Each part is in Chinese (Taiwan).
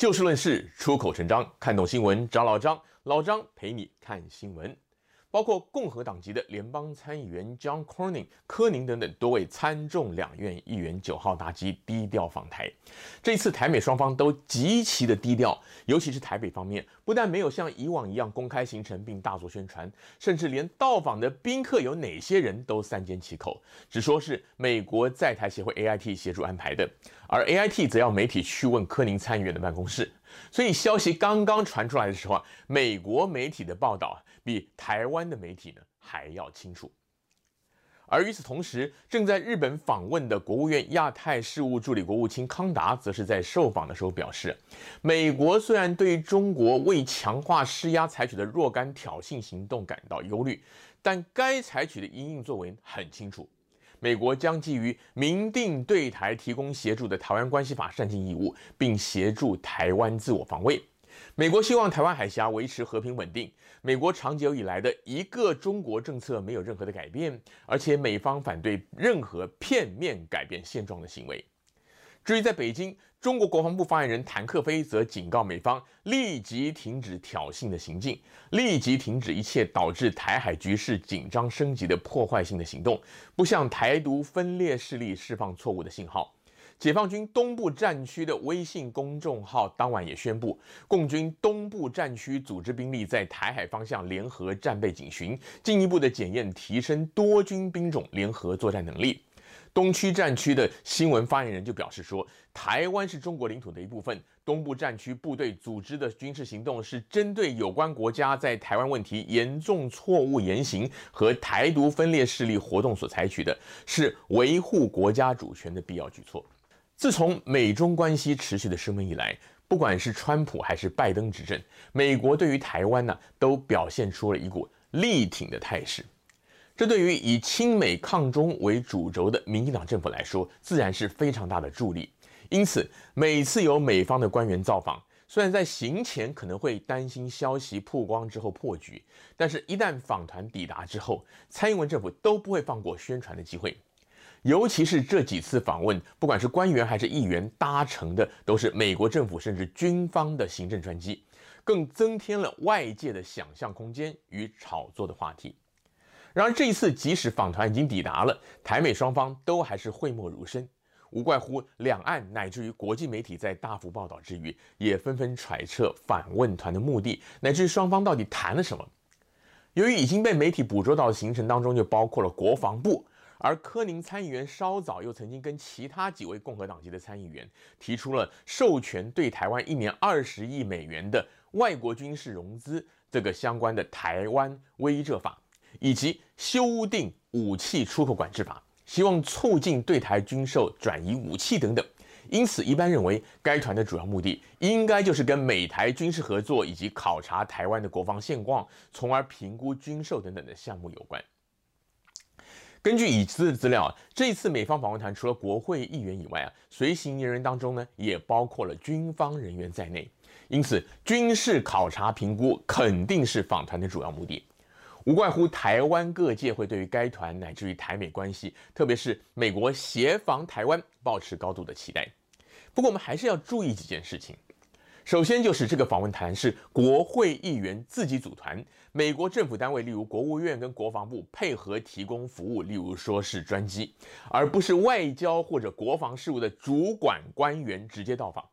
就事論事，出口成章，看懂新聞，找老張，老張陪你看新聞。包括共和黨籍的聯邦參議員 John Corning 柯寧等等多位參眾兩院議員九號搭機低調訪台，這一次台美雙方都極其的低調，尤其是台北方面，不但沒有像以往一樣公開行程並大做宣傳，甚至連到訪的賓客有哪些人都三緘其口，只說是美國在台協會 AIT 協助安排的，而 AIT 則要媒體去問柯寧參議員的辦公室。所以消息剛剛傳出來的時候啊，美國媒體的報道比台灣的媒體呢還要清楚。而與此同時，正在日本訪問的國務院亞太事務助理國務卿康達，則是在受訪的時候表示，美國雖然對中國為強化施壓採取的若干挑釁行動感到憂慮，但該採取的因應作為很清楚。美國將基於明定對台提供協助的台灣關係法善盡義務，並協助台灣自我防衛。美國希望台灣海峽維持和平穩定。美國長久以來的一個中國政策沒有任何的改變，而且美方反對任何片面改變現狀的行為。至於在北京，中國國防部發言人譚克非則警告美方，立即停止挑釁的行徑，立即停止一切導致台海局勢緊張升級的破壞性的行動，不向台獨分裂勢力釋放錯誤的信號。解放軍東部戰區的微信公眾號當晚也宣布，共軍東部戰區組織兵力在台海方向聯合戰備警巡，進一步的檢驗提升多軍兵種聯合作戰能力。東區戰區的新聞發言人就表示說：“台灣是中國領土的一部分。東部戰區部隊組織的軍事行動是針對有關國家在台灣問題嚴重錯誤言行和台獨分裂勢力活動所採取的，是維護國家主權的必要舉措。”自從美中關係持續的升溫以來，不管是川普還是拜登執政，美國對於台灣呢，都表現出了一股力挺的態勢。這對於以親美抗中為主軸的民進黨政府來說，自然是非常大的助力。因此，每次有美方的官員造訪，雖然在行前可能會擔心消息曝光之後破局，但是一旦訪團抵達之後，蔡英文政府都不會放過宣傳的機會。尤其是這幾次訪問，不管是官員還是議員，搭乘的都是美國政府甚至軍方的行政專機，更增添了外界的想象空間與炒作的話題。然而這一次，即使訪團已經抵達了，台美雙方都還是諱莫如深。無怪乎兩岸乃至於國際媒體在大幅報道之餘，也紛紛揣測訪問團的目的，乃至於雙方到底談了什麼。由於已經被媒體捕捉到的行程當中，就包括了國防部，而柯寧參議員稍早又曾經跟其他幾位共和黨籍的參議員提出了授權對台灣一年二十億美元的外國軍事融資這個相關的台灣威懾法。以及修訂武器出口管制法，希望促進對台軍售、轉移武器等等。因此，一般認為該團的主要目的應該就是跟美台軍事合作以及考察台灣的國防現況，從而評估軍售等等的項目有關。根據已知的資料啊，這次美方訪問團除了國會議員以外啊，隨行人員當中呢也包括了軍方人員在內。因此，軍事考察評估肯定是訪團的主要目的。無怪乎台灣各界會對於該團乃至於台美關係，特別是美國協防台灣，抱持高度的期待。不過我們還是要注意幾件事情。首先就是這個訪問團是國會議員自己組團，美國政府單位例如國務院跟國防部配合提供服務，例如說是專機，而不是外交或者國防事務的主管官員直接到訪。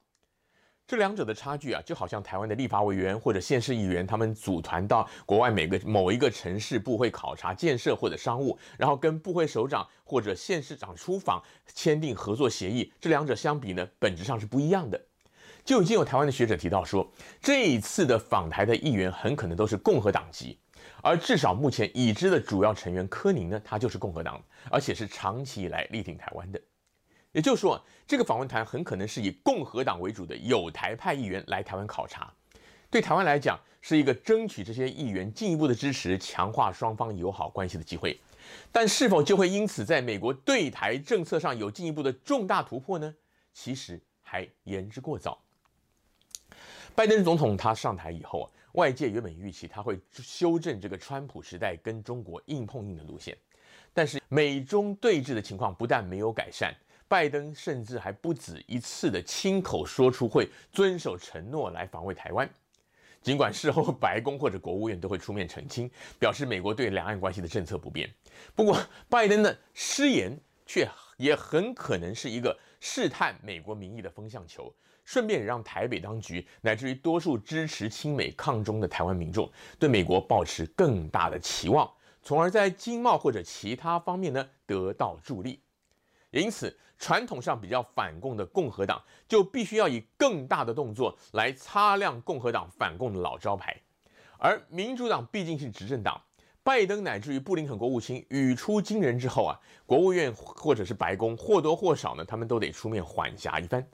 這兩者的差距啊，就好像台灣的立法委員或者縣市議員，他們組團到國外每個某一個城市部會考察建設或者商務，然後跟部會首長或者縣市長出訪簽訂合作協議。這兩者相比呢，本質上是不一樣的。就已經有台灣的學者提到說，這一次的訪台的議員很可能都是共和黨籍，而至少目前已知的主要成員柯寧呢，他就是共和黨，而且是長期以來力挺台灣的。也就是說，這個訪問團很可能是以共和黨為主的友台派議員來台灣考察，對台灣來講是一個爭取這些議員進一步的支持、強化雙方友好關係的機會。但是否就會因此在美國對台政策上有進一步的重大突破呢？其實還言之過早。拜登總統他上台以後啊，外界原本預期他會修正這個川普時代跟中國硬碰硬的路線，但是美中對峙的情況不但沒有改善。拜登甚至還不止一次的親口說出會遵守承諾來防衛台灣，儘管事後白宮或者國務院都會出面澄清，表示美國對兩岸關係的政策不變。不過，拜登的失言卻也很可能是一個試探美國民意的風向球，順便讓台北當局乃至於多數支持親美抗中的台灣民眾對美國抱持更大的期望，從而在經貿或者其他方面呢得到助力。因此，傳統上比較反共的共和黨就必須要以更大的動作來擦亮共和黨反共的老招牌，而民主黨畢竟是執政黨，拜登乃至於布林肯國務卿語出驚人之後啊，國務院或者是白宮或多或少呢，他們都得出面緩頰一番，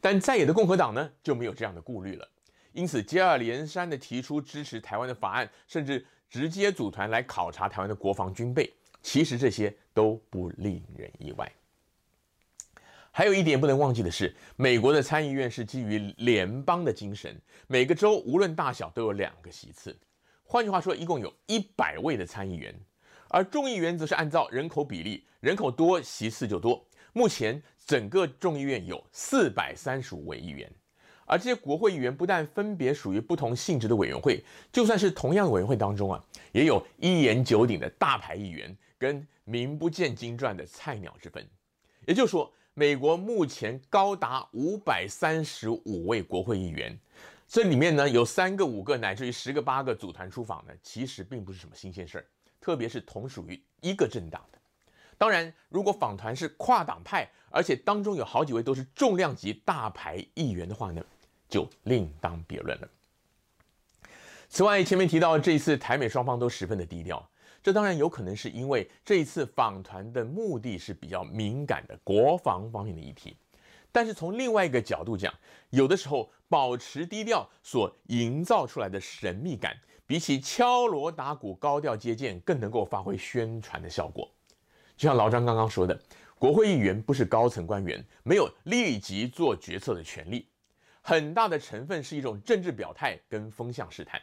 但在野的共和黨呢就沒有這樣的顧慮了，因此接二連三的提出支持台灣的法案，甚至直接組團來考察台灣的國防軍備，其實這些都不令人意外。還有一點不能忘記的是，美國的參議院是基於聯邦的精神，每個州無論大小都有兩個席次，換句話說，一共有一百位的參議員，而眾議員則是按照人口比例，人口多席次就多。目前整個眾議院有四百三十五位議員，而這些國會議員不但分別屬於不同性質的委員會，就算是同樣委員會當中啊，也有一言九鼎的大牌議員跟名不見經傳的菜鳥之分，也就是說。美國目前高達五百三十五位國會議員，這裡面呢，有三個、五個，乃至於十個、八個組團出訪呢，其實並不是什麼新鮮事兒。特別是同屬於一個政黨的，當然，如果訪團是跨黨派，而且當中有好幾位都是重量級大牌議員的話呢，就另當別論了。此外，前面提到，這一次台美雙方都十分的低調。這當然有可能是因為這一次訪團的目的是比較敏感的國防方面的議題，但是從另外一個角度講，有的時候保持低調所營造出來的神秘感，比起敲鑼打鼓高調接見更能夠發揮宣傳的效果。就像老章剛剛說的，國會議員不是高層官員，沒有立即做決策的權利，很大的成分是一種政治表態跟風向試探。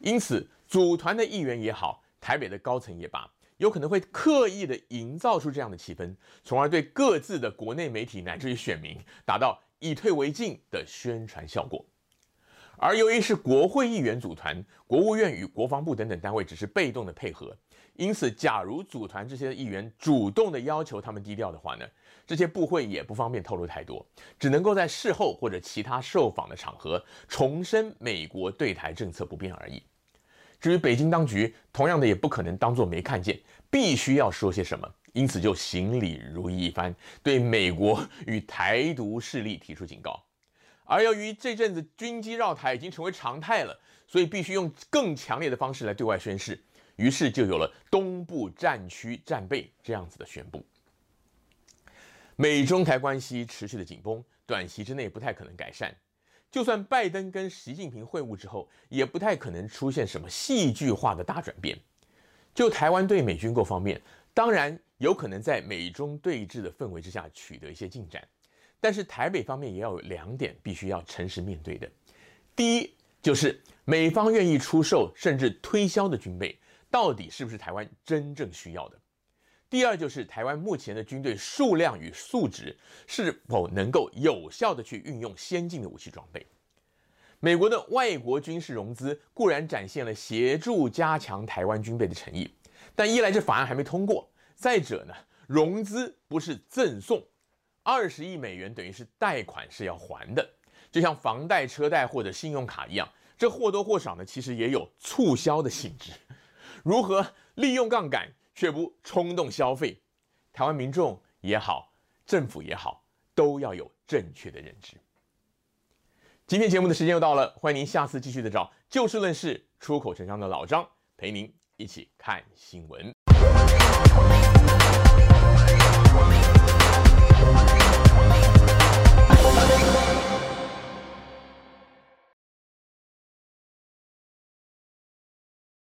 因此，組團的議員也好，台北的高層也罷，有可能會刻意的營造出這樣的氣氛，從而對各自的國內媒體乃至於選民達到以退為進的宣傳效果。而由於是國會議員組團，國務院與國防部等等單位只是被動的配合，因此，假如組團這些議員主動的要求他們低調的話呢，這些部會也不方便透露太多，只能夠在事後或者其他受訪的場合重申美國對台政策不變而已。至於北京當局，同樣的也不可能當作沒看見，必須要說些什麼，因此就行禮如儀一番，對美國與台獨勢力提出警告。而由於這陣子軍機繞台已經成為常態了，所以必須用更強烈的方式來對外宣示，於是就有了東部戰區戰備這樣子的宣布。美中台關係持續的緊繃，短期之內不太可能改善。就算拜登跟習近平會晤之後，也不太可能出現什麼戲劇化的大轉變。就台灣對美軍購方面，當然有可能在美中對峙的氛圍之下取得一些進展，但是台北方面也要有兩點必須要誠實面對的：第一，就是美方願意出售甚至推銷的軍備，到底是不是台灣真正需要的？第二，就是台灣目前的軍隊數量與素質是否能夠有效的去運用先進的武器裝備？美國的外國軍事融資固然展現了協助加強台灣軍備的誠意，但一來這法案還沒通過，再者呢，融資不是贈送，二十億美元等於是貸款，是要還的，就像房貸、車貸或者信用卡一樣，這或多或少呢其實也有促銷的性質，如何利用槓桿？卻不衝動消費，台灣民眾也好，政府也好，都要有正確的認知。今天節目的時間又到了，歡迎您下次繼續的找就事論事、出口成章的老張陪您一起看新聞。